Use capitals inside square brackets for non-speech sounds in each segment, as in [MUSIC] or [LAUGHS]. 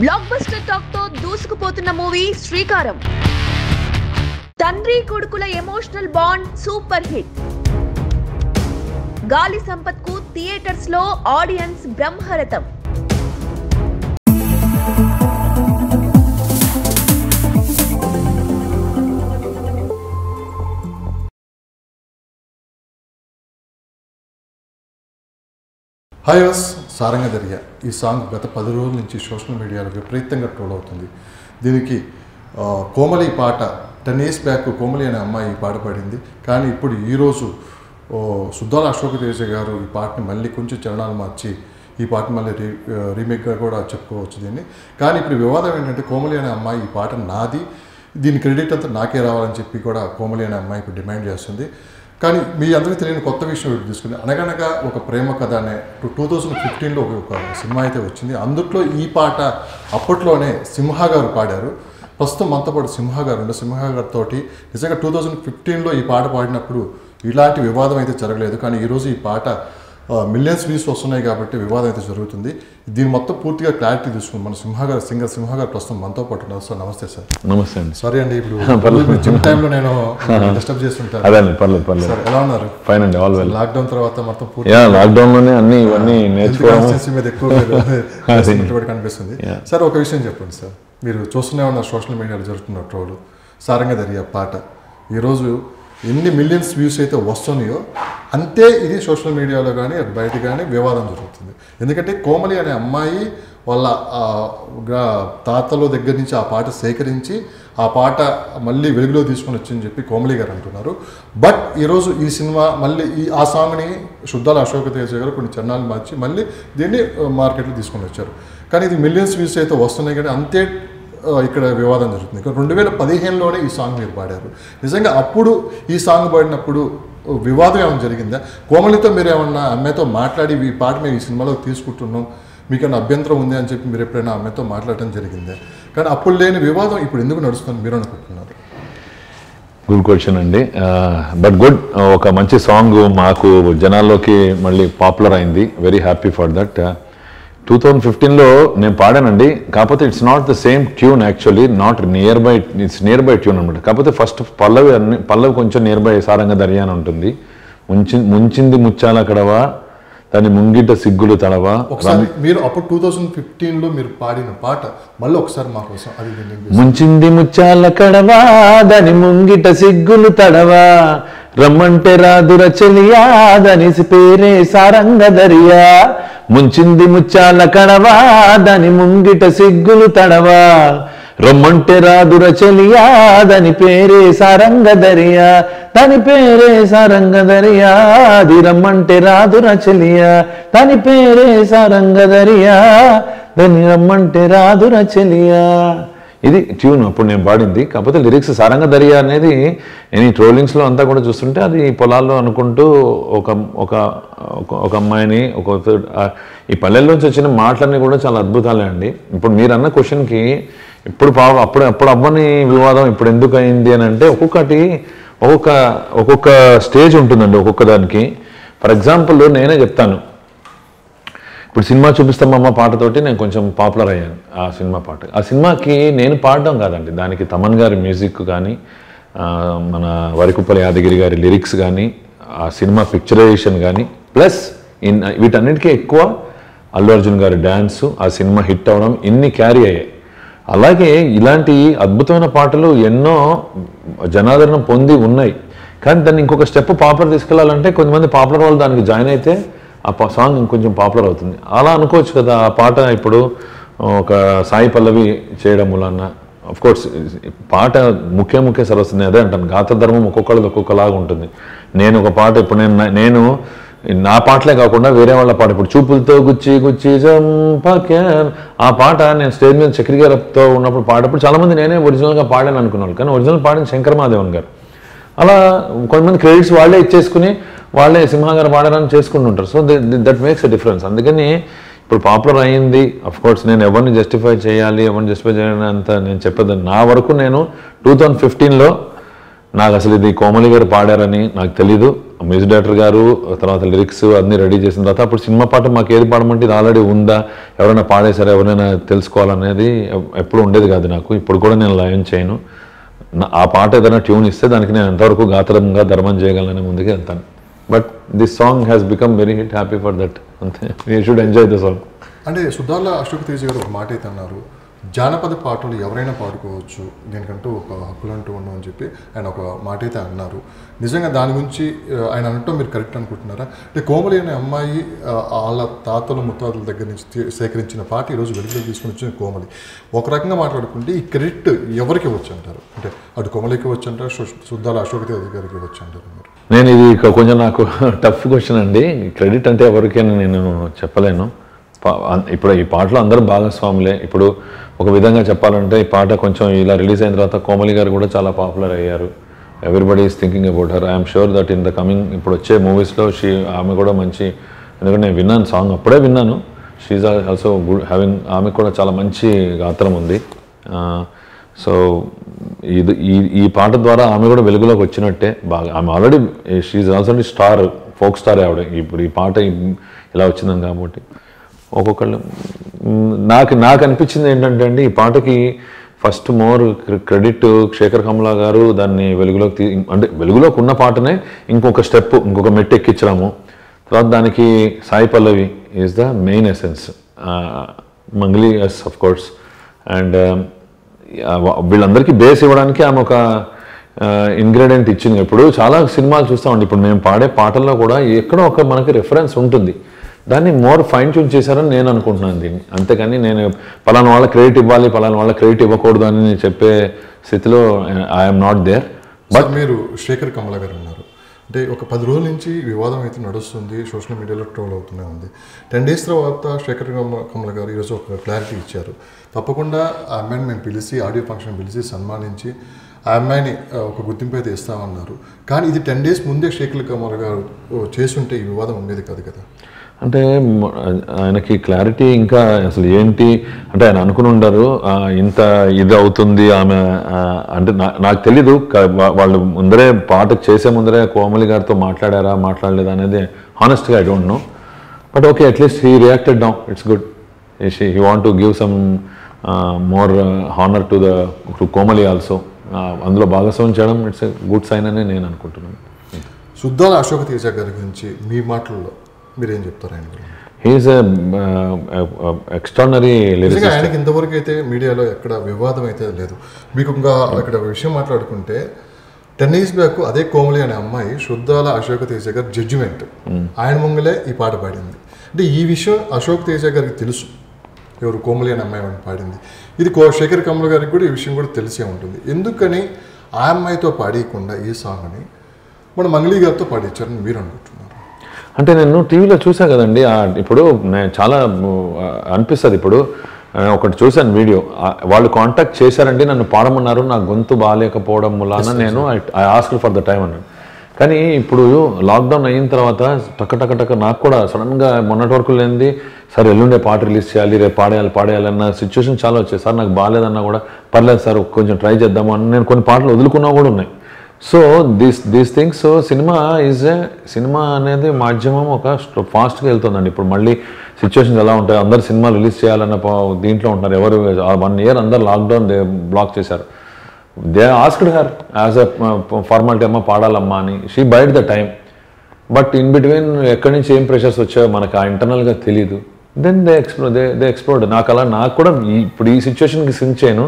Block buster talk తో దూసుకుపోతున్న movie Sreekaram తండ్రి కొడుకుల emotional bond super hit Gaali Sampath కు థియేటర్స్ లో ఆడియన్స్ బ్రహ్మరథం హాయ్ సారంగదరియా ఈ సాంగ్ గత పది రోజుల నుంచి సోషల్ మీడియాలో విపరీతంగా ట్రోల్ అవుతుంది దీనికి కోమలి పాట టెన్ ఇయర్స్ బ్యాక్ కోమలి అనే అమ్మాయి ఈ పాట పాడింది కానీ ఇప్పుడు ఈరోజు సుద్దాల అశోక్ తేజ గారు ఈ పాటని మళ్ళీ కొంచెం చరణాలు మార్చి ఈ పాట మళ్ళీ రీ రీమేక్గా కూడా చెప్పుకోవచ్చు దీన్ని కానీ ఇప్పుడు వివాదం ఏంటంటే కోమలి అనే అమ్మాయి ఈ పాట నాది దీని క్రెడిట్ అంతా నాకే రావాలని చెప్పి కూడా కోమలి అనే అమ్మాయి ఇప్పుడు డిమాండ్ చేస్తుంది కానీ మీ అందరికీ తెలియని కొత్త విషయం తీసుకుని అనగనగా ఒక ప్రేమ కథ అనే టూ థౌజండ్ ఫిఫ్టీన్లో ఒక సినిమా అయితే వచ్చింది అందుట్లో ఈ పాట అప్పట్లోనే సింహ గారు పాడారు ప్రస్తుతం మనతో పాటు సింహ గారు ఉండే సింహ గారితో నిజంగా టూ థౌజండ్ ఫిఫ్టీన్లో ఈ పాట పాడినప్పుడు ఇలాంటి వివాదం అయితే జరగలేదు కానీ ఈరోజు ఈ పాట మిలియన్స్ వ్యూస్ వస్తున్నాయి కాబట్టి వివాదం అయితే జరుగుతుంది దీని మొత్తం పూర్తిగా క్లారిటీ తీసుకుని మన సింహగారు సింగర్ సింహగారు ప్రస్తుతం మనతో పాటు ఉన్నారు సార్ నమస్తే సార్ నమస్తే అండి సారీ అండి ఇప్పుడు జిమ్ [LAUGHS] టైంలో నేను డిస్టర్బ్ [LAUGHS] చేస్తుంటాను అదే పర్లేదు పర్లేదు సార్ ఎలా ఉన్నారు ఫైన్ అండి ఆల్ వెల్ లాక్డౌన్ తర్వాత మొత్తం పూర్తి లాక్డౌన్ లోనే అన్ని ఇవన్నీ నేర్చుకోవడం మీద ఎక్కువ [LAUGHS] కనిపిస్తుంది సార్ ఒక విషయం చెప్పండి సార్ మీరు చూస్తూనే ఉన్నారు సోషల్ మీడియాలో జరుగుతున్న ట్రోలు సారంగ దరియా పాట ఈరోజు ఎన్ని మిలియన్స్ వ్యూస్ అయితే వస్తున్నాయో అంతే ఇది సోషల్ మీడియాలో కానీ అటు బయట కానీ వివాదం జరుగుతుంది ఎందుకంటే కోమలి అనే అమ్మాయి వాళ్ళ తాతల దగ్గర నుంచి ఆ పాట సేకరించి ఆ పాట మళ్ళీ వెలుగులో తీసుకొని వచ్చిందని చెప్పి కోమలి గారు అంటున్నారు బట్ ఈరోజు ఈ సినిమా మళ్ళీ ఈ ఆ సాంగ్ని శుద్ధాల అశోక తేజ గారు కొన్ని చరణాలు మార్చి మళ్ళీ దీన్ని మార్కెట్లో తీసుకొని వచ్చారు కానీ ఇది మిలియన్స్ వ్యూస్ అయితే వస్తున్నాయి కానీ అంతే ఇక్కడ వివాదం జరుగుతుంది రెండు వేల పదిహేనులోనే ఈ సాంగ్ మీరు పాడారు నిజంగా అప్పుడు ఈ సాంగ్ పాడినప్పుడు వివాదం ఏమైనా జరిగిందా కోమలితో మీరు ఏమన్నా అమ్మాయితో మాట్లాడి ఈ పాట మేము ఈ సినిమాలో తీసుకుంటున్నాం మీకన్నా అభ్యంతరం ఉంది అని చెప్పి మీరు ఎప్పుడైనా అమ్మాయితో మాట్లాడటం జరిగిందే కానీ అప్పుడు లేని వివాదం ఇప్పుడు ఎందుకు నడుస్తుంది మీరు అనుకుంటున్నారు గుడ్ క్వశ్చన్ అండి బట్ గుడ్ ఒక మంచి సాంగ్ మాకు జనాల్లోకి మళ్ళీ పాపులర్ అయింది very happy for that two thousand ఫిఫ్టీన్లో నేను పాడానండి కాకపోతే it's not the same tune actually not near by it's near by tune అనమాట కాకపోతే ఫస్ట్ పల్లవి అన్ని పల్లవి కొంచెం నియర్ బై సారంగ దర్యాన్ ఉంటుంది ముంచి ముంచింది ముచ్చాల కడవా దాని ముంగిట సిగ్గులు తడవా మీరు అప్పుడు టూ థౌజండ్ ఫిఫ్టీన్లో మీరు పాడిన పాట మళ్ళీ ఒకసారి మా కోసం అది ముంచింది ముచ్చాల కడవా దాని ముంగిట సిగ్గులు తడవా రమ్మంటే రాదు చెలియాదనిసి పేరే సారంగ దరియా ముంచింది ముచ్చాల కడవా దాని ముంగిట సిగ్గులు తడవా రమ్మంటే రాదు చెలియా పేరే సారంగ దరియా దాని పేరే సారంగ దరియా అది రమ్మంటే రాదు చెలియా తని పేరే సారంగ దరియా దాని రమ్మంటే రాదు చెలియా ఇది ట్యూన్ అప్పుడు నేను పాడింది కాకపోతే లిరిక్స్ సారంగ దరియా అనేది నేను ట్రోలింగ్స్లో అంతా కూడా చూస్తుంటే అది పొలాల్లో అనుకుంటూ ఒక ఒక ఒక అమ్మాయిని ఒక ఈ పల్లెల్లోంచి వచ్చిన మాటలన్నీ కూడా చాలా అద్భుతాలే అండి ఇప్పుడు మీరు అన్న క్వశ్చన్కి ఇప్పుడు పా అప్పుడు అప్పుడు అవ్వని వివాదం ఇప్పుడు ఎందుకు అయింది అని అంటే ఒక్కొక్కటి ఒక్కొక్క ఒక్కొక్క స్టేజ్ ఉంటుందండి ఒక్కొక్క దానికి ఫర్ ఎగ్జాంపుల్ నేనే చెప్తాను ఇప్పుడు సినిమా చూపిస్తామమ్మ పాటతోటి నేను కొంచెం పాపులర్ అయ్యాను ఆ సినిమా పాట ఆ సినిమాకి నేను పాడడం కాదండి దానికి తమన్ గారి మ్యూజిక్ కానీ మన వరికుప్పల యాదగిరి గారి లిరిక్స్ కానీ ఆ సినిమా పిక్చరైజేషన్ కానీ ప్లస్ ఇన్ వీటన్నిటికీ ఎక్కువ అల్లు అర్జున్ గారి డ్యాన్సు ఆ సినిమా హిట్ అవ్వడం ఇన్ని క్యారీ అయ్యాయి అలాగే ఇలాంటి అద్భుతమైన పాటలు ఎన్నో జనాదరణ పొంది ఉన్నాయి కానీ దాన్ని ఇంకొక స్టెప్ పాపులర్ తీసుకెళ్లాలంటే కొంతమంది పాపులర్ వాళ్ళు దానికి జాయిన్ అయితే ఆ సాంగ్ ఇంకొంచెం పాపులర్ అవుతుంది అలా అనుకోవచ్చు కదా ఆ పాట ఇప్పుడు ఒక సాయి పల్లవి చేయడం వలన అఫ్ కోర్స్ పాట ముఖ్య ముఖ్య సరస్సుని అదే అంటాను ధర్మం ఒక్కొక్కళ్ళది ఒక్కొక్కలాగా ఉంటుంది నేను ఒక పాట ఇప్పుడు నేను నేను నా పాటలే కాకుండా వేరే వాళ్ళ పాట ఇప్పుడు చూపులతో గుచ్చి గుచ్చి జంపక్యాన్ ఆ పాట నేను స్టేజ్ మీద చక్రి గారితో ఉన్నప్పుడు పాడప్పుడు చాలామంది నేనే ఒరిజినల్గా పాడాను అనుకున్నాను కానీ ఒరిజినల్ పాడిన శంకర్ మాదేవన్ గారు అలా కొంతమంది క్రెడిట్స్ వాళ్ళే ఇచ్చేసుకుని వాళ్ళే సింహాగారు పాడారని చేసుకుంటుంటారు so that makes a difference అందుకని ఇప్పుడు పాపులర్ అయింది కోర్స్ నేను ఎవరిని జస్టిఫై చేయాలి ఎవరిని జస్టిఫై చేయాలి అంత నేను చెప్పదు నా వరకు నేను టూ థౌజండ్ ఫిఫ్టీన్లో నాకు అసలు ఇది కోమలి గారు పాడారని నాకు తెలీదు మ్యూజిక్ డైరెక్టర్ గారు తర్వాత లిరిక్స్ అన్నీ రెడీ చేసిన తర్వాత అప్పుడు సినిమా పాట మాకు ఏది పాడమంటే ఇది ఆల్రెడీ ఉందా ఎవరైనా పాడేశారా ఎవరైనా తెలుసుకోవాలనేది ఎప్పుడు ఉండేది కాదు నాకు ఇప్పుడు కూడా నేను లయన్ చేయను ఆ పాట ఏదైనా ట్యూన్ ఇస్తే దానికి నేను ఎంతవరకు గాత్రంగా ధర్మం చేయగలనని ముందుకు వెళ్తాను but this song has become very hit happy for that అంతే you should enjoy the song అంటే సుధార్ల అశోక్ తేజ్ గారు ఒక మాట అయితే అన్నారు జానపద పాటలు ఎవరైనా పాడుకోవచ్చు దీనికంటూ ఒక హక్కులు అంటూ ఉన్నాం అని చెప్పి ఆయన ఒక మాట అయితే అన్నారు నిజంగా దాని గురించి ఆయన అనటం మీరు కరెక్ట్ అనుకుంటున్నారా అంటే కోమలి అనే అమ్మాయి వాళ్ళ తాతల ముత్తాతల దగ్గర నుంచి సేకరించిన పాట ఈరోజు వెలుగులో తీసుకుని వచ్చిన కోమలి ఒక రకంగా మాట్లాడుకుంటే ఈ క్రెడిట్ ఎవరికి ఇవ్వచ్చు అంటారు అంటే అటు కోమలికి ఇవ్వచ్చు అంటారు శుద్ధాల అశోక్ దేవ్ గారికి ఇవ్వచ్చు అంటారు మీరు నేను ఇది కొంచెం నాకు టఫ్ [LAUGHS] క్వశ్చన్ అండి క్రెడిట్ అంటే ఎవరికైనా నేను చెప్పలేను ఇప్పుడు ఈ పాటలో అందరూ భాగస్వాములే ఇప్పుడు ఒక విధంగా చెప్పాలంటే ఈ పాట కొంచెం ఇలా రిలీజ్ అయిన తర్వాత కోమలి గారు కూడా చాలా పాపులర్ అయ్యారు everybody is thinking about her I'm sure that in the coming ఇప్పుడు వచ్చే మూవీస్లో షీ ఆమె కూడా మంచి ఎందుకంటే నేను విన్నాను సాంగ్ అప్పుడే విన్నాను ఆర్ ఆల్సో గుడ్ హ్యావింగ్ ఆమె కూడా చాలా మంచి గాత్రం ఉంది సో ఇది ఈ ఈ పాట ద్వారా ఆమె కూడా వెలుగులోకి వచ్చినట్టే బాగా ఆమె already she also star folk star ఆవిడ ఇప్పుడు ఈ పాట ఇలా వచ్చిందని కాబట్టి ఒక్కొక్కళ్ళు నాకు నాకు అనిపించింది ఏంటంటే అండి ఈ పాటకి first more credit Shekhar Kamala గారు దాన్ని వెలుగులోకి అంటే వెలుగులోకి ఉన్న పాటనే ఇంకొక స్టెప్ ఇంకొక మెట్టు ఎక్కించడము తర్వాత దానికి Sai Pallavi is the main essence Mangli yes of course and వీళ్ళందరికీ బేస్ ఇవ్వడానికి ఆమె ఒక ఇంగ్రీడియంట్ ఇచ్చింది ఇప్పుడు చాలా సినిమాలు చూస్తామండి ఇప్పుడు మేము పాడే పాటల్లో కూడా ఎక్కడో ఒక మనకి రిఫరెన్స్ ఉంటుంది దాన్ని మోర్ ఫైన్ ట్యూన్ చేశారని నేను అనుకుంటున్నాను దీన్ని అంతేకాని నేను పలానా వాళ్ళ క్రెడిట్ ఇవ్వాలి పలానా వాళ్ళ క్రెడిట్ ఇవ్వకూడదు అని చెప్పే స్థితిలో ఐఎమ్ నాట్ దేర్ బట్ మీరు శేఖర్ కమల గారు ఉన్నారు అంటే ఒక పది రోజుల నుంచి వివాదం అయితే నడుస్తుంది సోషల్ మీడియాలో ట్రోల్ అవుతూనే ఉంది టెన్ డేస్ తర్వాత శేఖర్ కమల గారు ఈరోజు ఒక క్లారిటీ ఇచ్చారు తప్పకుండా ఆ అమ్మాయిని మేము పిలిచి ఆడియో ఫంక్షన్ పిలిచి సన్మానించి ఆ అమ్మాయిని uh, ఒక గుర్తింపు అయితే ఇస్తామన్నారు కానీ ఇది టెన్ డేస్ ముందే శేఖర్ కమల గారు uh, చేస్తుంటే ఈ వివాదం ఉండేది కాదు కదా అంటే ఆయనకి క్లారిటీ ఇంకా అసలు ఏంటి అంటే ఆయన అనుకుని ఉండరు ఇంత ఇది అవుతుంది ఆమె అంటే నాకు తెలీదు వాళ్ళు ముందరే పాట చేసే ముందరే కోమలి గారితో మాట్లాడారా మాట్లాడలేదు అనేది హానెస్ట్గా I don't know but okay at least he reacted down it's good he want to give some more honour to the to Komali also అందులో భాగస్వామ్యం చేయడం ఇట్స్ గుడ్ సైన్ అని నేను అనుకుంటున్నాను శుద్ధాల అశోక్ తేజ గారి గురించి మీ మాటల్లో మీరేం చెప్తారు ఆయన హీఈస్ ఎక్స్ట్రానరీ uh, ఆయనకి ఇంతవరకు అయితే మీడియాలో ఎక్కడ వివాదం అయితే లేదు మీకు ఇంకా ఇక్కడ విషయం మాట్లాడుకుంటే టెన్ ఇయర్స్ బ్యాక్ అదే కోమలి అనే అమ్మాయి శుద్ధాల అశోక్ తేజ గారి జడ్జిమెంట్ hmm. ఆయన ముంగలే ఈ పాట పాడింది అంటే ఈ విషయం అశోక్ తేజ గారికి తెలుసు ఎవరు కోమలి అనే అమ్మాయి పాడింది ఇది కో శేఖర్ కమల్ గారికి కూడా ఈ విషయం కూడా తెలిసే ఉంటుంది ఎందుకని ఆ అమ్మాయితో పాడేయకుండా ఈ సాంగ్ని మన మంగళీ గారితో పాడించారని మీరు అనుకుంటున్నారు అంటే నేను టీవీలో చూసాను కదండి ఇప్పుడు నేను చాలా అనిపిస్తుంది ఇప్పుడు ఒకటి చూశాను వీడియో వాళ్ళు కాంటాక్ట్ చేశారండి నన్ను పాడమన్నారు నా గొంతు బాగాలేకపోవడం వలన నేను I ask for the time అన్నాను కానీ ఇప్పుడు లాక్డౌన్ అయిన తర్వాత టక్క టక టక నాకు కూడా సడన్గా మొన్నటి వరకు లేనిది సార్ ఎల్లుండే పాట రిలీజ్ చేయాలి రేపు పాడేయాలి పాడేయాలన్న సిచ్యువేషన్ చాలా వచ్చాయి సార్ నాకు బాగాలేదన్నా కూడా పర్లేదు సార్ కొంచెం ట్రై చేద్దాము అని నేను కొన్ని పాటలు వదులుకున్నా కూడా ఉన్నాయి so this this things so cinema is a cinema అనేది మాధ్యమం ఒక ఫాస్ట్గా వెళ్తుందండి ఇప్పుడు మళ్ళీ సిచ్యువేషన్స్ ఎలా ఉంటాయి అందరు సినిమా రిలీజ్ చేయాలన్న దీంట్లో ఉంటారు ఎవరు వన్ ఇయర్ అందరు లాక్డౌన్ దే బ్లాక్ చేశారు they asked her as a formality అమ్మ పాడాలమ్మా అని she bite the time but in between ఎక్కడి నుంచి ఏం ప్రెషర్స్ వచ్చాయో మనకు ఆ ఇంటర్నల్గా తెలీదు then they explore they they explored నాకు అలా నాకు కూడా ఇప్పుడు ఈ సిచ్యువేషన్కి సిన్ చేయను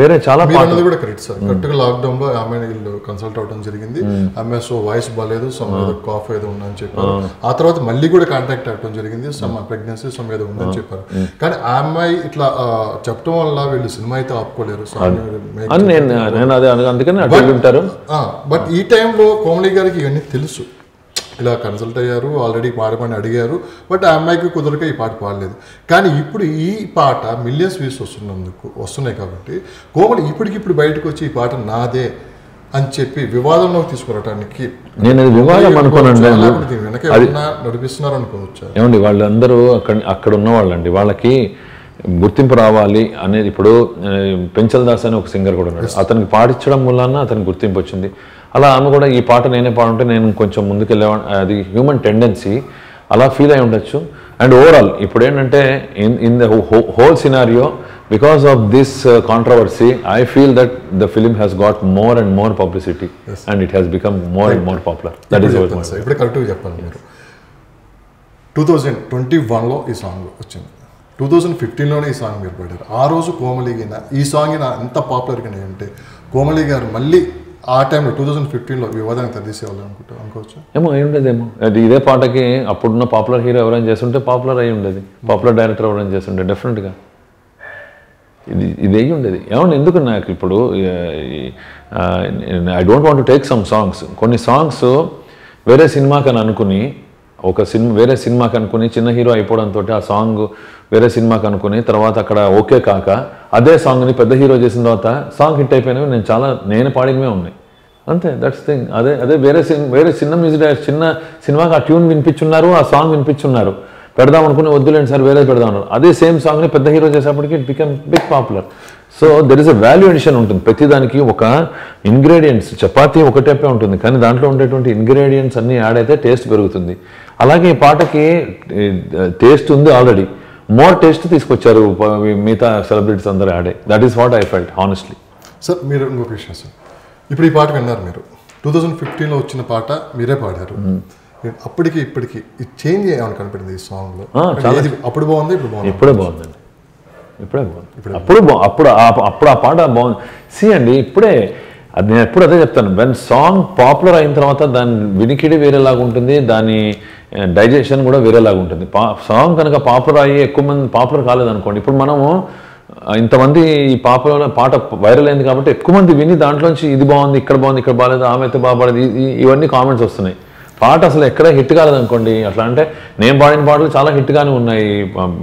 వేరే చాలా అన్నది కూడా కరెక్ట్ సార్ కరెక్ట్గా లాక్డౌన్ లో ఆమె వీళ్ళు కన్సల్ట్ అవడం జరిగింది ఆమె సో వాయిస్ బాగాలేదు సమ్ కాఫ్ ఏదో ఉందని చెప్పారు ఆ తర్వాత మళ్ళీ కూడా కాంటాక్ట్ అవ్వడం జరిగింది సమ్ ప్రెగ్నెన్సీ సమ్ ఏదో ఉందని చెప్పారు కానీ ఆ అమ్మాయి ఇట్లా చెప్పడం వల్ల వీళ్ళు సినిమా అయితే ఆపుకోలేరు నేను అదే అందుకని ఉంటారు బట్ ఈ టైంలో కోమలి గారికి ఇవన్నీ తెలుసు ఇలా కన్సల్ట్ అయ్యారు ఆల్రెడీ పాడమని అడిగారు బట్ ఆ అమ్మాయికి కుదరక ఈ పాట పాడలేదు కానీ ఇప్పుడు ఈ పాట మిలియన్స్ వ్యూస్ వస్తున్నందుకు వస్తున్నాయి కాబట్టి కోమలి ఇప్పటికిప్పుడు బయటకు వచ్చి ఈ పాట నాదే అని చెప్పి వివాదంలోకి తీసుకురావడానికి నేను వివాదం అనుకోనండి నడిపిస్తున్నారు అనుకోవచ్చు ఏమండి వాళ్ళందరూ అక్కడ అక్కడ ఉన్న వాళ్ళండి వాళ్ళకి గుర్తింపు రావాలి అనేది ఇప్పుడు పెంచల్ దాస్ అని ఒక సింగర్ కూడా ఉన్నాడు అతనికి పాటించడం వల్ల అతనికి గుర్తింపు వచ్చింది అలా ఆమె కూడా ఈ పాట నేనే పాడుంటే నేను కొంచెం ముందుకెళ్ళే అది హ్యూమన్ టెండెన్సీ అలా ఫీల్ అయి ఉండొచ్చు అండ్ ఓవరాల్ ఇప్పుడు ఏంటంటే in in the whole scenario because of this controversy I feel that the film has got more and more publicity and it has become more and more popular that is ఇప్పుడు కరెక్ట్గా చెప్పాలి మీరు two thousand twenty వన్లో ఈ song వచ్చింది two thousand ఫిఫ్టీన్లోనే ఈ song మీరు పాడారు ఆ రోజు కోమలి ఈ సాంగ్ ఎంత పాపులర్ అంటే కోమలి గారు మళ్ళీ ఆ టైంలో టూ థౌసండ్ ఫిఫ్టీన్లో వివాదానికి తగ్గిసేవాళ్ళు అనుకుంటా అనుకోవచ్చు ఏమో అయి ఉండేదేమో అది ఇదే పాటకి అప్పుడున్న పాపులర్ హీరో ఎవరైనా చేస్తుంటే పాపులర్ అయి ఉండేది పాపులర్ డైరెక్టర్ ఎవరైనా చేస్తుంటే డెఫినెట్గా ఇది ఇది అయ్యి ఉండేది ఏమన్నా ఎందుకు నాకు ఇప్పుడు I don't want take some songs కొన్ని సాంగ్స్ వేరే సినిమాకి అని అనుకుని ఒక సినిమా వేరే సినిమాకి అనుకుని చిన్న హీరో అయిపోవడంతో ఆ సాంగ్ వేరే సినిమాకి అనుకుని తర్వాత అక్కడ ఓకే కాక అదే సాంగ్ని పెద్ద హీరో చేసిన తర్వాత సాంగ్ హిట్ అయిపోయినవి నేను చాలా నేను పాడినవే ఉన్నాయి అంతే దట్స్ థింగ్ అదే అదే వేరే సిని వేరే చిన్న మ్యూజిక్ చిన్న సినిమాకి ఆ ట్యూన్ వినిపించున్నారు ఆ సాంగ్ వినిపించున్నారు పెడదాం అనుకుని వద్దులేండి సార్ వేరే పెడదాం అన్నారు అదే సేమ్ సాంగ్ని పెద్ద హీరో చేసేప్పటికి it become big popular so there is a value ఉంటుంది ప్రతిదానికి ఒక ఇంగ్రీడియంట్స్ చపాతి ఒకటేపే ఉంటుంది కానీ దాంట్లో ఉండేటువంటి ఇంగ్రీడియంట్స్ అన్నీ యాడ్ అయితే టేస్ట్ పెరుగుతుంది అలాగే ఈ పాటకి టేస్ట్ ఉంది ఆల్రెడీ మోర్ టేస్ట్ తీసుకొచ్చారు మిగతా సెలబ్రిటీస్ అందరూ ఆడే that is what I felt honestly sir మీరు ఇంకొక విషయం సార్ ఇప్పుడు ఈ పాట విన్నారు మీరు టూ థౌజండ్ ఫిఫ్టీన్లో వచ్చిన పాట మీరే పాడారు hmm. అప్పటికి ఇప్పటికి ఈ చేంజ్ ఏమైనా కనిపెట్టింది ఈ సాంగ్లో అప్పుడు బాగుంది ఇప్పుడు బాగుంది ఇప్పుడే బాగుందండి ఇప్పుడే బాగుంది అప్పుడు అప్పుడు అప్పుడు ఆ పాట బాగుంది సి అండి ఇప్పుడే అది నేను ఎప్పుడు అదే చెప్తాను వెన్ సాంగ్ పాపులర్ అయిన తర్వాత దాని వినికిడి వేరేలాగా ఉంటుంది దాని డైజెషన్ eh, కూడా వేరేలాగా ఉంటుంది పా సాంగ్ కనుక పాపులర్ అయ్యి ఎక్కువ మంది పాపులర్ కాలేదనుకోండి ఇప్పుడు మనము ఇంతమంది ఈ పాపలో పాట వైరల్ అయింది కాబట్టి ఎక్కువ మంది విని దాంట్లోంచి ఇది బాగుంది ఇక్కడ బాగుంది ఇక్కడ బాగాలేదు ఆమె అయితే బాగాలేదు ఇవన్నీ కామెంట్స్ వస్తున్నాయి పాట అసలు ఎక్కడ హిట్ కాలేదనుకోండి అట్లా అంటే నేను పాడిన పాటలు చాలా హిట్గానే ఉన్నాయి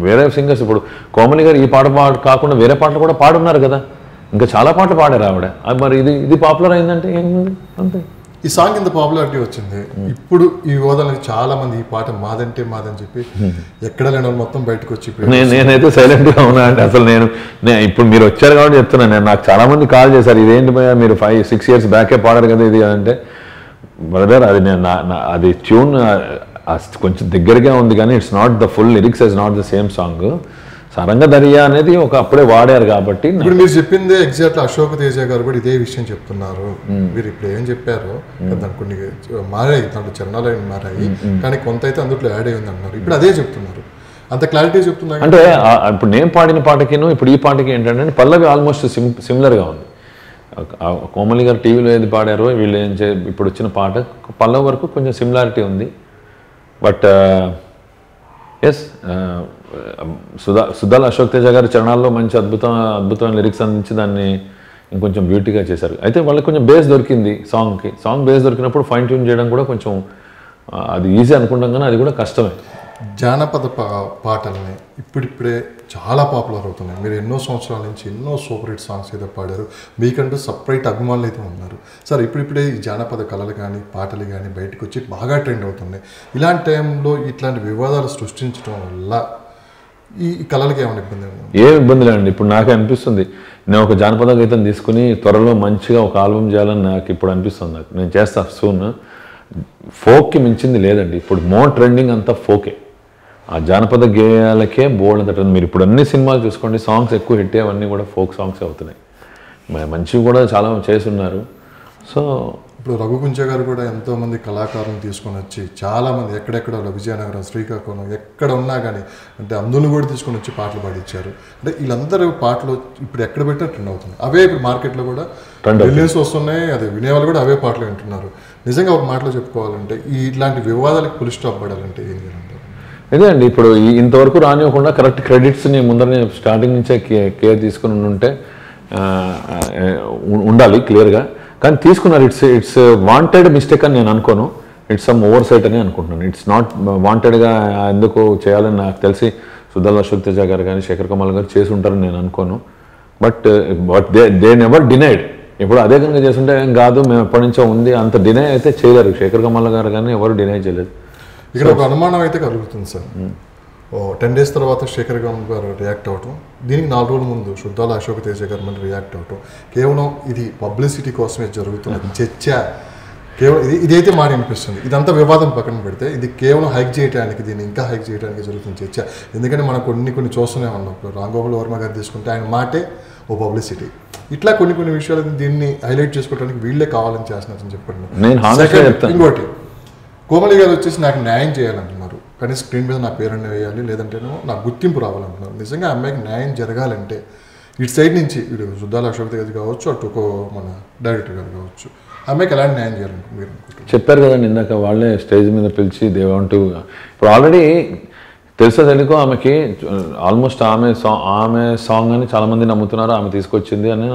వేరే సింగర్స్ ఇప్పుడు కోమలి గారు ఈ పాట పాట కాకుండా వేరే పాటలు కూడా పాడున్నారు కదా ఇంకా చాలా పాటలు పాడారు ఆవిడ మరి ఇది ఇది పాపులర్ అయిందంటే ఏముంది అంతే ఈ సాంగ్ ఇంత పాపులారిటీ వచ్చింది ఇప్పుడు ఈ హోదాలకి చాలా మంది ఈ పాట మాదంటే మాదని చెప్పి ఎక్కడ లేని మొత్తం బయటకు వచ్చి నేనైతే సైలెంట్ గా ఉన్నా అంటే అసలు నేను ఇప్పుడు మీరు వచ్చారు కాబట్టి చెప్తున్నాను నేను నాకు చాలా మంది కాల్ చేశారు ఇదేంటి మీరు ఫైవ్ సిక్స్ ఇయర్స్ బ్యాకే పాడారు కదా ఇది అంటే బ్రదర్ అది నేను అది ట్యూన్ కొంచెం దగ్గరగా ఉంది కానీ it's not the full lyrics is not the same song Saranga Dariya అనేది ఒక అప్పుడే వాడారు కాబట్టి ఇప్పుడు మీరు చెప్పింది ఎగ్జాక్ట్ అశోక్ తేజ గారు కూడా ఇదే విషయం చెప్తున్నారు మీరు ఇప్పుడు ఏం చెప్పారు దాని కొన్ని మారాయి దాంట్లో చరణాలు మారాయి కానీ కొంత అయితే అందులో యాడ్ అయ్యింది అంటున్నారు ఇప్పుడు అదే చెప్తున్నారు అంత క్లారిటీ చెప్తున్నారు అంటే ఇప్పుడు నేను పాడిన పాటకిను ఇప్పుడు ఈ పాటకి ఏంటంటే పల్లవి ఆల్మోస్ట్ సిమ్ సిమిలర్గా ఉంది కోమలి గారు టీవీలో ఏది పాడారో వీళ్ళు ఏం చే ఇప్పుడు వచ్చిన పాట పల్లవి వరకు కొంచెం సిమిలారిటీ ఉంది బట్ ఎస్ uh, uh, సుధా సుధాల్ అశోక్ తేజ గారి చరణాల్లో మంచి అద్భుతం అద్భుతమైన లిరిక్స్ అందించి దాన్ని ఇంకొంచెం బ్యూటీగా చేశారు అయితే వాళ్ళకి కొంచెం బేస్ దొరికింది సాంగ్కి సాంగ్ బేస్ దొరికినప్పుడు ఫైన్ ట్యూన్ చేయడం కూడా కొంచెం అది ఈజీ అనుకుంటాం కానీ అది కూడా కష్టమే జానపద పా పాటల్ని ఇప్పుడిప్పుడే చాలా పాపులర్ అవుతున్నాయి మీరు ఎన్నో సంవత్సరాల నుంచి ఎన్నో సూపర్ హిట్ సాంగ్స్ అయితే పాడారు మీకంటూ సపరేట్ అభిమానులు అయితే ఉన్నారు సార్ ఇప్పుడిప్పుడే ఈ జానపద కళలు కానీ పాటలు కానీ బయటకు వచ్చి బాగా ట్రెండ్ అవుతున్నాయి ఇలాంటి టైంలో ఇట్లాంటి వివాదాలు సృష్టించడం వల్ల ఈ కళలకి ఏమైనా ఇబ్బంది ఏం ఇబ్బంది లేదండి ఇప్పుడు నాకే అనిపిస్తుంది నేను ఒక జానపద గీతం తీసుకుని త్వరలో మంచిగా ఒక ఆల్బమ్ చేయాలని నాకు ఇప్పుడు అనిపిస్తుంది నాకు నేను చేస్తా సూన్ ఫోక్కి మించింది లేదండి ఇప్పుడు మో ట్రెండింగ్ అంతా ఫోకే ఆ జానపద గేయాలకే బోల్డ్ అంత మీరు ఇప్పుడు అన్ని సినిమాలు చూసుకోండి సాంగ్స్ ఎక్కువ హిట్ అవన్నీ కూడా ఫోక్ సాంగ్స్ అవుతున్నాయి మంచివి కూడా చాలా చేస్తున్నారు సో ఇప్పుడు రఘుగుంజ గారు కూడా ఎంతోమంది కళాకారులను తీసుకొని వచ్చి చాలామంది ఎక్కడెక్కడ విజయనగరం శ్రీకాకుళం ఎక్కడ ఉన్నా కానీ అంటే అందులో కూడా తీసుకొని వచ్చి పాటలు పాడించారు అంటే వీళ్ళందరూ పాటలు ఇప్పుడు ఎక్కడ పెట్టినా ట్రెండ్ అవుతుంది అవే ఇప్పుడు మార్కెట్లో కూడా రిలీజ్ వస్తున్నాయి అది వినేవాళ్ళు కూడా అవే పాటలు వింటున్నారు నిజంగా ఒక మాటలో చెప్పుకోవాలంటే ఈ ఇట్లాంటి వివాదాలకు పులి స్టాప్ పడాలంటే ఏం చేయాలంటే అదే అండి ఇప్పుడు ఇంతవరకు రానివ్వకుండా కరెక్ట్ క్రెడిట్స్ని ముందరనే స్టార్టింగ్ నుంచే కేర్ తీసుకుని ఉంటే ఉండాలి క్లియర్గా కానీ తీసుకున్నారు ఇట్స్ ఇట్స్ వాంటెడ్ మిస్టేక్ అని నేను అనుకోను ఇట్స్ సమ్ ఓవర్ సైట్ అని అనుకుంటున్నాను ఇట్స్ నాట్ వాంటెడ్గా ఎందుకు చేయాలని నాకు తెలిసి సుధాల్ అశోక్ తేజ గారు కానీ శేఖర్ కమల్ గారు చేసి ఉంటారని నేను అనుకోను but but they they never denied ఇప్పుడు అదే కనుక చేస్తుంటే ఏం కాదు మేము ఎప్పటి నుంచో ఉంది అంత డినై అయితే చేయలేరు శేఖర్ కమల్ గారు కానీ ఎవరు డినై చేయలేదు ఇక్కడ ఒక అనుమానం అయితే కలుగుతుంది సార్ hmm. ఓ టెన్ డేస్ తర్వాత శేఖర్ గౌడ్ గారు రియాక్ట్ అవటం దీనికి నాలుగు రోజుల ముందు శుద్ధాల అశోక్ తేజ గారు మళ్ళీ రియాక్ట్ అవటం కేవలం ఇది పబ్లిసిటీ కోసమే జరుగుతున్నది చర్చ కేవలం ఇది ఇదైతే మాట అనిపిస్తుంది ఇదంతా వివాదం పక్కన పెడితే ఇది కేవలం హైక్ చేయడానికి దీన్ని ఇంకా హైక్ చేయడానికి జరుగుతుంది చర్చ ఎందుకంటే మనం కొన్ని కొన్ని చూస్తూనే ఉన్నాం రాంగోపాల్ వర్మ గారు తీసుకుంటే ఆయన మాటే ఓ పబ్లిసిటీ ఇట్లా కొన్ని కొన్ని విషయాలు దీన్ని హైలైట్ చేసుకోవడానికి వీళ్ళే కావాలని చేస్తున్నారని చెప్పండి ఇంకోటి కోమలి గారు వచ్చేసి నాకు న్యాయం చేయాలని కానీ స్క్రీన్ మీద నా పేరుని వేయాలి లేదంటేనో నా గుర్తింపు రావాలంటున్నారు నిజంగా అమ్మాయికి న్యాయం జరగాలంటే ఇటు సైడ్ నుంచి వీడు సుద్దా అశోక్ గారి కావచ్చు అటు మన డైరెక్టర్ గారు కావచ్చు అమ్మాయికి ఎలాంటి న్యాయం చేయాలంటే మీరు చెప్పారు కదండి ఇందాక వాళ్ళే స్టేజ్ మీద పిలిచి దేవంటూ ఇప్పుడు ఆల్రెడీ తెలుసా తెలుగు ఆమెకి ఆల్మోస్ట్ ఆమె సాంగ్ ఆమె సాంగ్ అని చాలామంది నమ్ముతున్నారు ఆమె తీసుకొచ్చింది అని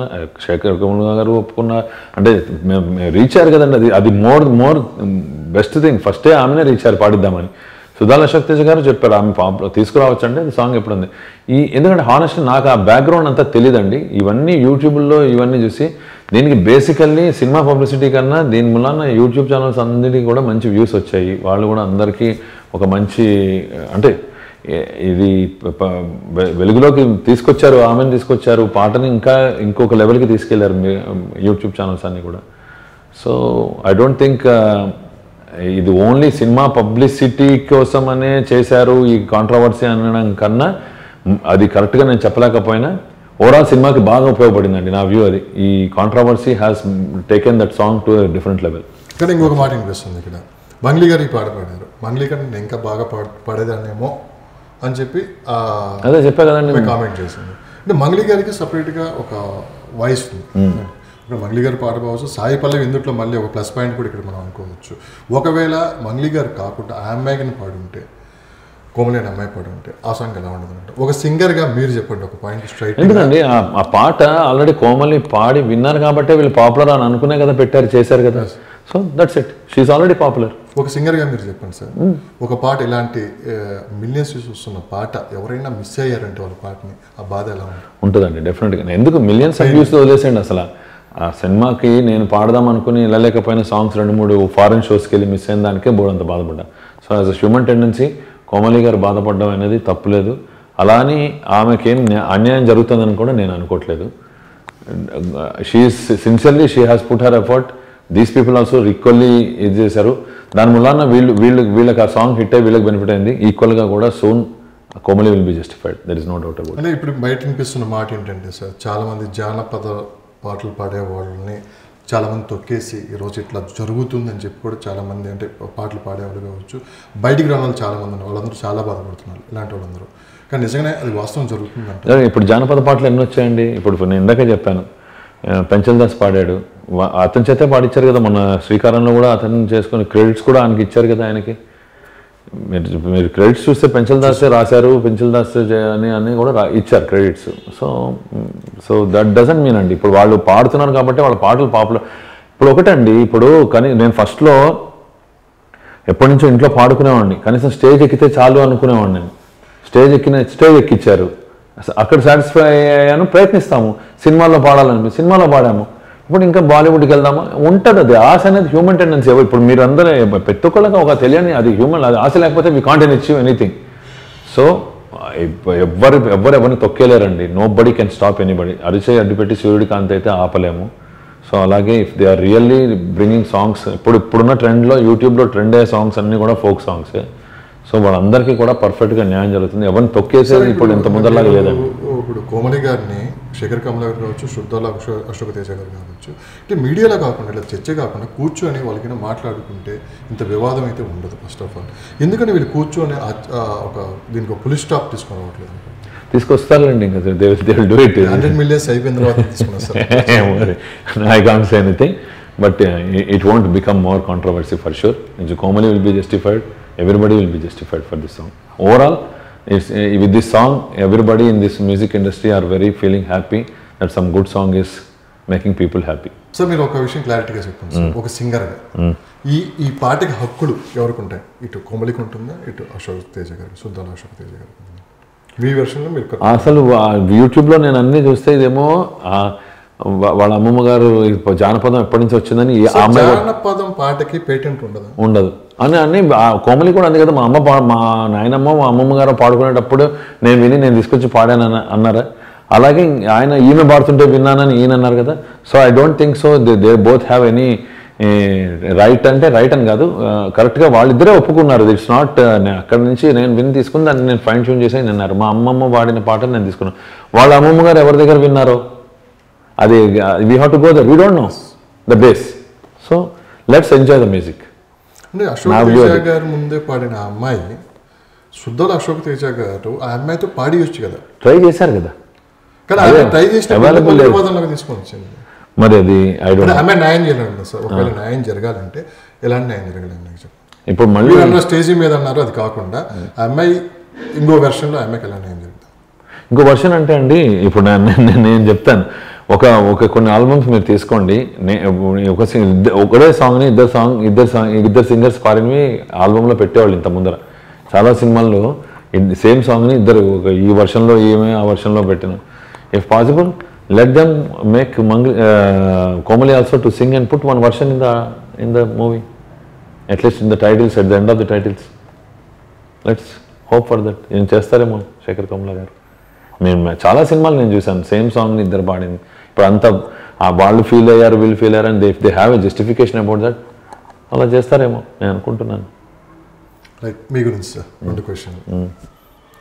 శేఖర్ కమల్ గారు ఒప్పుకున్నారు అంటే రీచ్ అయ్యారు కదండి అది అది మోర్ మోర్ బెస్ట్ థింగ్ ఫస్టే ఆమెనే రీచ్ అయ్యారు పాడిద్దామని సుధాల శక్తేజ గారు చెప్పారు ఆమె పాప తీసుకురావచ్చండి అది సాంగ్ ఉంది ఈ ఎందుకంటే హానెస్ట్ నాకు ఆ బ్యాక్గ్రౌండ్ అంతా తెలియదండి ఇవన్నీ యూట్యూబ్లో ఇవన్నీ చూసి దీనికి బేసికల్లీ సినిమా పబ్లిసిటీ కన్నా దీని మూలన యూట్యూబ్ ఛానల్స్ అందరికీ కూడా మంచి వ్యూస్ వచ్చాయి వాళ్ళు కూడా అందరికీ ఒక మంచి అంటే ఇది వెలుగులోకి తీసుకొచ్చారు ఆమెను తీసుకొచ్చారు పాటని ఇంకా ఇంకొక లెవెల్కి తీసుకెళ్లారు యూట్యూబ్ ఛానల్స్ అన్నీ కూడా సో ఐ డోంట్ థింక్ ఇది ఓన్లీ సినిమా పబ్లిసిటీ కోసం అనే చేశారు ఈ కాంట్రవర్సీ అనడం కన్నా అది కరెక్ట్గా నేను చెప్పలేకపోయినా ఓవరాల్ సినిమాకి బాగా ఉపయోగపడిందండి నా వ్యూ అది ఈ controversy has taken that song to different level ఇక్కడ ఇంకొక మాట వినిపిస్తుంది ఇక్కడ మంగ్లీ గారు ఈ పాట పాడారు మంగ్లీ గారు నేను ఇంకా బాగా పాడ పాడేదాన్నేమో అని చెప్పి అదే చెప్పా కదండి కామెంట్ చేసింది అంటే మంగ్లీ గారికి సపరేట్గా ఒక వాయిస్ ఇప్పుడు మంగ్లీ గారు పాట పోవచ్చు సాయి పల్లవి ఇందుట్లో మళ్ళీ ఒక ప్లస్ పాయింట్ కూడా ఇక్కడ మనం అనుకోవచ్చు ఒకవేళ మంగ్లీ గారు కాకుండా ఆ పాడు పాడుంటే కోమలేని అమ్మాయి పాడు ఉంటే ఆ సాంగ్ ఎలా ఉండదు అంటే ఒక సింగర్గా మీరు చెప్పండి ఒక పాయింట్ స్ట్రైట్ ఎందుకండి ఆ పాట ఆల్రెడీ కోమలి పాడి విన్నారు కాబట్టి వీళ్ళు పాపులర్ అని అనుకునే కదా పెట్టారు చేశారు కదా so that's it she is already popular ఒక సింగర్గా మీరు చెప్పండి సార్ hmm. ఒక పాట ఇలాంటి మిలియన్స్ చూస్తున్న పాట ఎవరైనా మిస్ అయ్యారంటే వాళ్ళ పాటని ఆ బాధ ఎలా ఉంటుంది ఉంటుందండి డెఫినెట్గా ఎందుకు మిలియన్స్ యూస్ వదిలేసేయండి అసలు ఆ సినిమాకి నేను పాడదాం అనుకుని వెళ్ళలేకపోయిన సాంగ్స్ రెండు మూడు ఫారెన్ షోస్కి వెళ్ళి మిస్ అయిన దానికే బోడంత బాధపడ్డా so as a human tendency Komali garu బాధపడడం అనేది తప్పులేదు అలా అని ఆమెకేం అన్యాయం జరుగుతుందని కూడా నేను అనుకోవట్లేదు she sincerely she has put her effort these people also equally ఇది చేశారు దాని వలన వీళ్ళు వీళ్ళు వీళ్ళకి ఆ సాంగ్ హిట్ అయ్యి వీళ్ళకి బెనిఫిట్ అయింది ఈక్వల్గా కూడా soon Komali will be justified there is no doubt about ఇప్పుడు బయట వినిపిస్తున్న మాట ఏంటంటే సార్ చాలామంది జానపద పాటలు పాడే వాళ్ళని చాలామంది తొక్కేసి ఈరోజు ఇట్లా జరుగుతుంది అని చెప్పి కూడా చాలామంది అంటే పాటలు పాడేవాళ్ళు కావచ్చు బయటికి రాని వాళ్ళు చాలామంది ఉన్నారు వాళ్ళందరూ చాలా బాధపడుతున్నారు ఇలాంటి వాళ్ళందరూ కానీ నిజంగానే అది వాస్తవం జరుగుతుంది ఇప్పుడు జానపద పాటలు ఎన్ని వచ్చాయండి ఇప్పుడు నేను ఇందాక చెప్పాను పెంచల్దాస్ పాడాడు అతని చేతే పాడిచ్చారు కదా మన శ్రీకారంలో కూడా అతను చేసుకుని క్రెడిట్స్ కూడా ఆయనకి ఇచ్చారు కదా ఆయనకి మీరు మీరు క్రెడిట్స్ చూస్తే పెన్షన్ దాస్తే రాశారు పెన్షన్ దాస్తే అని అని కూడా ఇచ్చారు credits so so that doesn't mean అండి ఇప్పుడు వాళ్ళు పాడుతున్నారు కాబట్టి వాళ్ళ పాటలు పాపులర్ ఇప్పుడు ఒకటండి ఇప్పుడు కానీ నేను ఫస్ట్లో ఎప్పటి నుంచో ఇంట్లో పాడుకునేవాడిని కనీసం స్టేజ్ ఎక్కితే చాలు అనుకునేవాడిని నేను స్టేజ్ ఎక్కిన స్టేజ్ ఎక్కిచ్చారు అక్కడ సాటిస్ఫై అయ్యాను ప్రయత్నిస్తాము సినిమాల్లో పాడాలని సినిమాలో పాడాము ఇప్పుడు ఇంకా బాలీవుడ్కి వెళ్దామా ఉంటుంది అది ఆశ అనేది హ్యూమన్ టెండెన్సీ ఇప్పుడు మీరు అందరూ పెట్టుకోలేక ఒక తెలియని అది హ్యూమన్ అది ఆశ లేకపోతే వీ కాంటెన్ ఎన్ ఎనీథింగ్ సో ఎవ్వరు ఎవ్వరు ఎవరిని తొక్కేలేరండి nobody can stop anybody అరిచే అడ్డుపెట్టి సూర్యుడి కాంతి అయితే ఆపలేము సో అలాగే if they are really bringing songs ఇప్పుడు ఇప్పుడున్న ట్రెండ్లో యూట్యూబ్లో ట్రెండ్ అయ్యే సాంగ్స్ అన్నీ కూడా ఫోక్ సాంగ్సే సో వాళ్ళందరికీ కూడా పర్ఫెక్ట్గా న్యాయం జరుగుతుంది ఎవరిని తొక్కేసేది ఇప్పుడు ఇంత ముందరలాగా లేదండి ఇప్పుడు కోమలి గారిని శేఖర్ కమల గారు కావచ్చు శుద్ధాల అశో అశోక తేజ గారు కావచ్చు అంటే మీడియాలో కాకుండా ఇలా చర్చ కాకుండా కూర్చొని వాళ్ళకైనా మాట్లాడుకుంటే ఇంత వివాదం అయితే ఉండదు ఫస్ట్ ఆఫ్ ఆల్ ఎందుకంటే వీళ్ళు కూర్చొని ఒక దీనికి ఒక పులి స్టాప్ తీసుకొని రావట్లేదు తీసుకొస్తారండి ఇంకా హండ్రెడ్ మిలియన్స్ అయిపోయిన తర్వాత తీసుకున్నారు I anything but it want become more controversy for sure commonly will be justified everybody will be justified for this song overall it's with this song everybody in this music industry are very feeling happy that some good song song making people happy so మీరు ఒక విషయం క్లారిటీగా చెప్పండి hmm. ఒక సింగర్గా hmm. ఈ ఈ పాటకి హక్కులు ఎవరికి ఉంటాయి ఇటు కోమలికి ఉంటుందా ఇటు అశోక్ తేజ గారు సుద్దాల అశోక్ తేజ గారు మీ వెర్షన్లో మీరు అసలు యూట్యూబ్లో నేను అన్నీ చూస్తే ఇదేమో వాళ్ళ అమ్మమ్మ గారు జానపదం ఎప్పటి నుంచి వచ్చిందని జానపదం పాటకి పేటెంట్ ఉండదు ఉండదు అని అని కోమలి కూడా అంది కదా మా అమ్మ పా మా నాయనమ్మ మా అమ్మమ్మ గారు పాడుకునేటప్పుడు నేను విని నేను తీసుకొచ్చి పాడాను అన్నారు అలాగే ఆయన ఈమె పాడుతుంటే విన్నానని ఈయన అన్నారు కదా so I don't think so they they both have any right అంటే రైట్ అని కాదు కరెక్ట్గా వాళ్ళిద్దరే ఒప్పుకున్నారు ఇట్స్ నాట్ అక్కడ నుంచి నేను విని తీసుకుని దాన్ని నేను ఫైన్ ట్యూన్ చేసి అన్నారు మా అమ్మమ్మ వాడిన పాటను నేను తీసుకున్నాను వాళ్ళ అమ్మమ్మ గారు ఎవరి దగ్గర విన్నారో అది we have to go the we don't know the base so let's enjoy the music Ashok Teja garu ముందే పాడిన అమ్మాయి శుద్ధుల అశోక్ తేజ గారు ఆ అమ్మాయితో పాడియొచ్చు కదా ట్రై చేశారు కదా ట్రై చేసిన తీసుకొని మరి అది ఆమె న్యాయం చేయాలంటే సార్ ఒకవేళ న్యాయం జరగాలంటే ఎలాంటి న్యాయం జరగాలండి నాకు ఇప్పుడు మళ్ళీ అన్న స్టేజ్ మీద అన్నారు అది కాకుండా ఆ అమ్మాయి ఇంకో వెర్షన్లో అమ్మాయికి ఎలా న్యాయం జరుగుతుంది ఇంకో వెర్షన్ అంటే అండి ఇప్పుడు నేను నేను చెప్తాను ఒక ఒక కొన్ని ఆల్బమ్స్ మీరు తీసుకోండి ఒక ఒకటే సాంగ్ని ఇద్దరు సాంగ్ ఇద్దరు సాంగ్ ఇద్దరు సింగర్స్ పాడినవి ఆల్బంలో పెట్టేవాళ్ళు ఇంత ముందర చాలా సినిమాల్లో సేమ్ సాంగ్ని ఇద్దరు ఈ వర్షన్లో ఏమే ఆ వర్షంలో పెట్టిన if possible let them make మంగ్ Komali also to sing and put one version in the in the movie at least in the titles at the end of the titles let's hope for that నేను చేస్తారేమో శేఖర్ కోమల గారు నేను చాలా సినిమాలు నేను చూశాను same సాంగ్ని ఇద్దరు పాడింది ఇప్పుడు అంత వాళ్ళు ఫీల్ అయ్యారు వీళ్ళు ఫీల్ అయ్యారు and they they have a justification about that అలా చేస్తారేమో నేను అనుకుంటున్నాను లైక్ మీ గురించి సార్ రెండు క్వశ్చన్ hmm. hmm.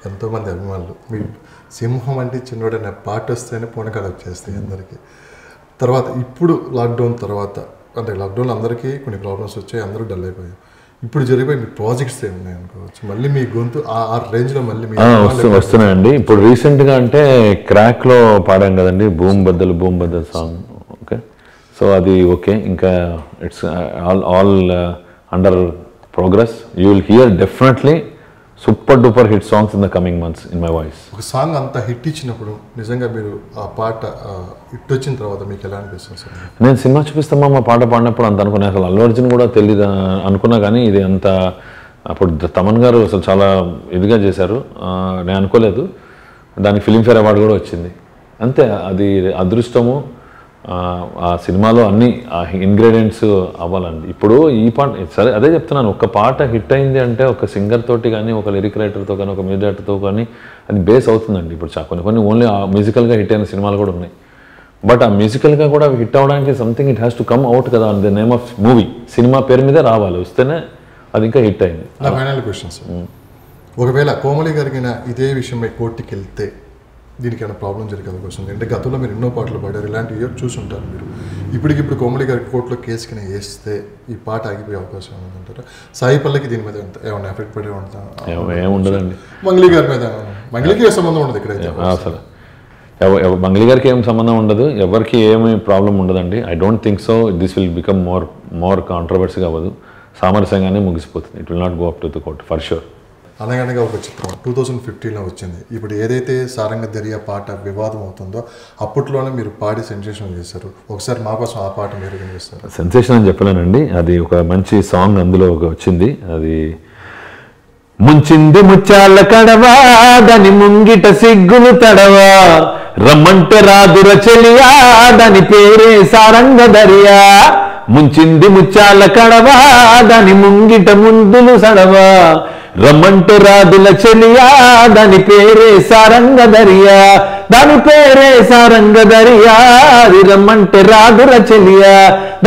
ఎంతోమంది అభిమానులు మీ hmm. సింహం అంటే చిన్నోడు పాట వస్తేనే పూనకాడ వచ్చేస్తాయి అందరికీ తర్వాత ఇప్పుడు లాక్డౌన్ తర్వాత అంటే లాక్డౌన్లో అందరికీ కొన్ని ప్రాబ్లమ్స్ వచ్చాయి అందరూ డల్ అయిపోయాయి ఇప్పుడు జరిగిపోయి ప్రాజెక్ట్స్ ఏమున్నాయి అనుకోవచ్చు మళ్ళీ మీ గొంతు ఆ రేంజ్లో మళ్ళీ వస్తు వస్తున్నాయండి ఇప్పుడు రీసెంట్గా అంటే క్రాక్లో పాడాం కదండి భూమి బద్దలు భూమి బద్దలు సాంగ్ ఓకే సో అది ఓకే ఇంకా it's all all under progress you will hear definitely super duper hit songs in the coming months in my voice ఒక సాంగ్ అంత హిట్ ఇచ్చినప్పుడు నిజంగా మీరు ఆ పాట హిట్ వచ్చిన తర్వాత మీకు ఎలా అనిపిస్తుంది నేను సినిమా చూపిస్తామా మా పాట పాడినప్పుడు అంత అనుకున్నా అసలు అల్లు అర్జున్ కూడా తెలియదు అనుకున్నా కానీ ఇది అంత అప్పుడు తమన్ గారు అసలు చాలా ఇదిగా చేశారు నేను అనుకోలేదు దానికి ఫిలింఫేర్ అవార్డు కూడా వచ్చింది అంతే అది అదృష్టము ఆ సినిమాలో అన్ని ఆ ఇంగ్రీడియంట్స్ అవ్వాలండి ఇప్పుడు ఈ పాట సరే అదే చెప్తున్నాను ఒక పాట హిట్ అయింది అంటే ఒక సింగర్ తోటి కానీ ఒక లిరిక్ రైటర్తో కానీ ఒక మ్యూజిక్ డైరెక్టర్తో కానీ అది బేస్ అవుతుందండి ఇప్పుడు కొన్ని కొన్ని ఓన్లీ ఆ మ్యూజికల్గా హిట్ అయిన సినిమాలు కూడా ఉన్నాయి బట్ ఆ మ్యూజికల్గా కూడా హిట్ అవ్వడానికి something it has to come out కదా on the name of movie cinema పేరు మీద రావాలి వస్తేనే అది ఇంకా హిట్ అయింది ఫైనల్ క్వశ్చన్స్ ఒకవేళ కోమలి గారికి ఇదే విషయంపై కోర్టుకి వెళ్తే దీనికైనా ప్రాబ్లం జరిగేది కోసం అంటే గతంలో మీరు ఎన్నో పాటలు పాడారు ఇలాంటి చూసి చూసుంటారు మీరు ఇప్పటికిప్పుడు కోమలి గారి కోర్టులో కేసు కింద వేస్తే ఈ పాట ఆగిపోయే అవకాశం ఉందంటారా సాయి పల్లకి దీని మీద ఏమైనా ఎఫెక్ట్ పడే ఉంటా ఉండదండి మంగ్లీ గారి మీద మంగ్లీకి ఏ సంబంధం ఉండదు ఇక్కడ అసలు మంగ్లీ గారికి ఏం సంబంధం ఉండదు ఎవరికి ఏమి ప్రాబ్లం ఉండదండి I don't think so this will become more more controversy అవ్వదు సామరస్యంగానే ముగిసిపోతుంది it will not go up to the court for sure అనగనగా ఒక చిత్రం టూ థౌజండ్ ఫిఫ్టీన్లో వచ్చింది ఇప్పుడు ఏదైతే సారంగ దరియా పాట వివాదం అవుతుందో అప్పట్లోనే మీరు పాడి సెన్సేషన్ చేశారు ఒకసారి మా కోసం ఆ పాట మీరు చేస్తారు సెన్సేషన్ అని చెప్పలేనండి అది ఒక మంచి సాంగ్ అందులో ఒక వచ్చింది అది ముంచింది ముచ్చాళ్ళ కడవా దాని ముంగిట సిగ్గులు తడవా రమ్మంటే రాదుర చెలియా దాని పేరే సారంగ దరియా ముంచింది ముచ్చాళ్ళ కడవా దాని ముంగిట ముందులు సడవా రమ్మంటే రాదుల చెలియా దాని పేరే సారంగ దరియా దాని పేరే సారంగ దరియా అది రమ్మంటే రాదుల చెలియా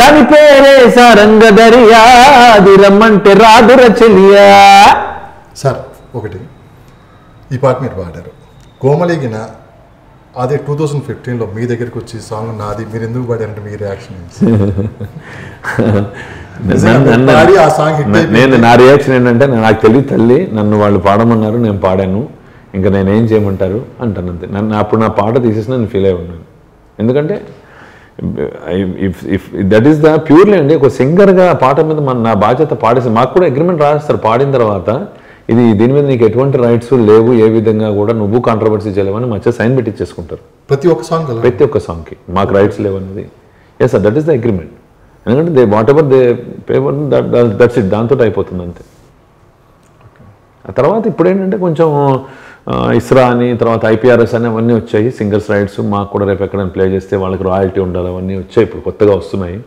దాని పేరే సారంగ దరియా అది రమ్మంటే రాదుల చెలియా సార్ ఒకటి ఈ పాట మీరు పాడారు కోమలిగిన అదే టూ థౌజండ్ ఫిఫ్టీన్లో మీ దగ్గరికి వచ్చి సాంగ్ నాది మీరు ఎందుకు పాడారంటే మీ రియాక్షన్ [LAUGHS] నేను నా రియాక్షన్ ఏంటంటే నాకు తెలివి తల్లి నన్ను వాళ్ళు పాడమన్నారు నేను పాడాను ఇంకా నేను ఏం చేయమంటారు అంటాను అంతే నన్ను అప్పుడు నా పాట తీసేసి నేను ఫీల్ అయి ఉన్నాను ఎందుకంటే if if that is the purely అండి ఒక సింగర్గా పాట మీద మన నా బాధ్యత పాడేసి మాకు కూడా అగ్రిమెంట్ రాస్తారు పాడిన తర్వాత ఇది దీని మీద నీకు ఎటువంటి రైట్స్ లేవు ఏ విధంగా కూడా నువ్వు కాంట్రవర్సీ చేయలేవని మంచిగా సైన్ పెట్టించేసుకుంటారు ప్రతి ఒక్క సాంగ్ ప్రతి ఒక్క సాంగ్కి మాకు రైట్స్ అనేది yes sir that is the agreement ఎందుకంటే they whatever they paper that's it దాంతో అయిపోతుంది అంతే ఆ తర్వాత ఇప్పుడు ఏంటంటే కొంచెం ఇస్రా అని తర్వాత ఐపీఆర్ఎస్ అని అవన్నీ వచ్చాయి సింగర్స్ రైట్స్ మాకు కూడా రేపు ఎక్కడైనా ప్లే చేస్తే వాళ్ళకి రాయల్టీ ఉండాలి అవన్నీ వచ్చాయి ఇప్పుడు కొత్తగా వస్తున్నాయి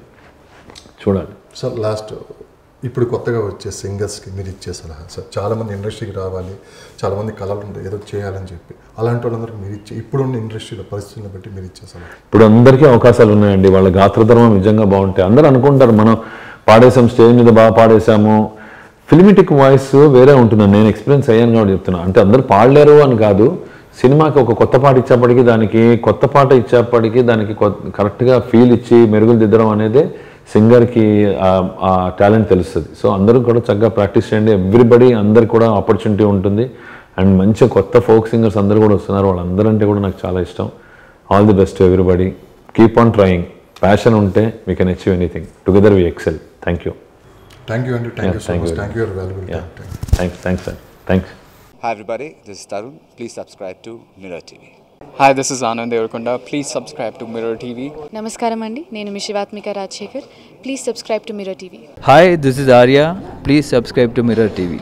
చూడాలి సార్ లాస్ట్ ఇప్పుడు కొత్తగా వచ్చే సింగర్స్కి మీరు ఇచ్చే సలహా సార్ చాలామంది ఇండస్ట్రీకి రావాలి చాలామంది కళలు ఉంటాయి ఏదో చేయాలని చెప్పి అలాంటి వాళ్ళందరికీ మీరు ఇచ్చే ఇప్పుడున్న ఇండస్ట్రీలో పరిస్థితులను బట్టి మీరు ఇచ్చే సలహా ఇప్పుడు అందరికీ అవకాశాలు ఉన్నాయండి వాళ్ళ గాత్రధర్మం నిజంగా బాగుంటాయి అందరూ అనుకుంటారు మనం పాడేసాం స్టేజ్ మీద బాగా పాడేసాము ఫిలిమిటిక్ వాయిస్ వేరే ఉంటుంది నేను ఎక్స్పీరియన్స్ అయ్యాను కాబట్టి చెప్తున్నాను అంటే అందరూ పాడలేరు అని కాదు సినిమాకి ఒక కొత్త పాట ఇచ్చేప్పటికీ దానికి కొత్త పాట ఇచ్చేప్పటికీ దానికి కరెక్ట్గా ఫీల్ ఇచ్చి మెరుగులు దిద్దడం అనేది సింగర్కి ఆ టాలెంట్ తెలుస్తుంది సో అందరూ కూడా చక్కగా ప్రాక్టీస్ చేయండి ఎవ్రీబడి అందరు కూడా ఆపర్చునిటీ ఉంటుంది అండ్ మంచి కొత్త ఫోక్ సింగర్స్ అందరూ కూడా వస్తున్నారు వాళ్ళందరంటే కూడా నాకు చాలా ఇష్టం all the best everybody keep on trying passion ఉంటే we can achieve anything together we excel thank you thank you అండి thank you thank you thank you thanks thanks sir thanks Hi everybody, this is Tarun. Please hi this is Anand Deverakonda please subscribe to Mirror TV నమస్కారం అండి నేను మీ Rajasekhar please subscribe to Mirror TV hi this is Arya please subscribe to Mirror TV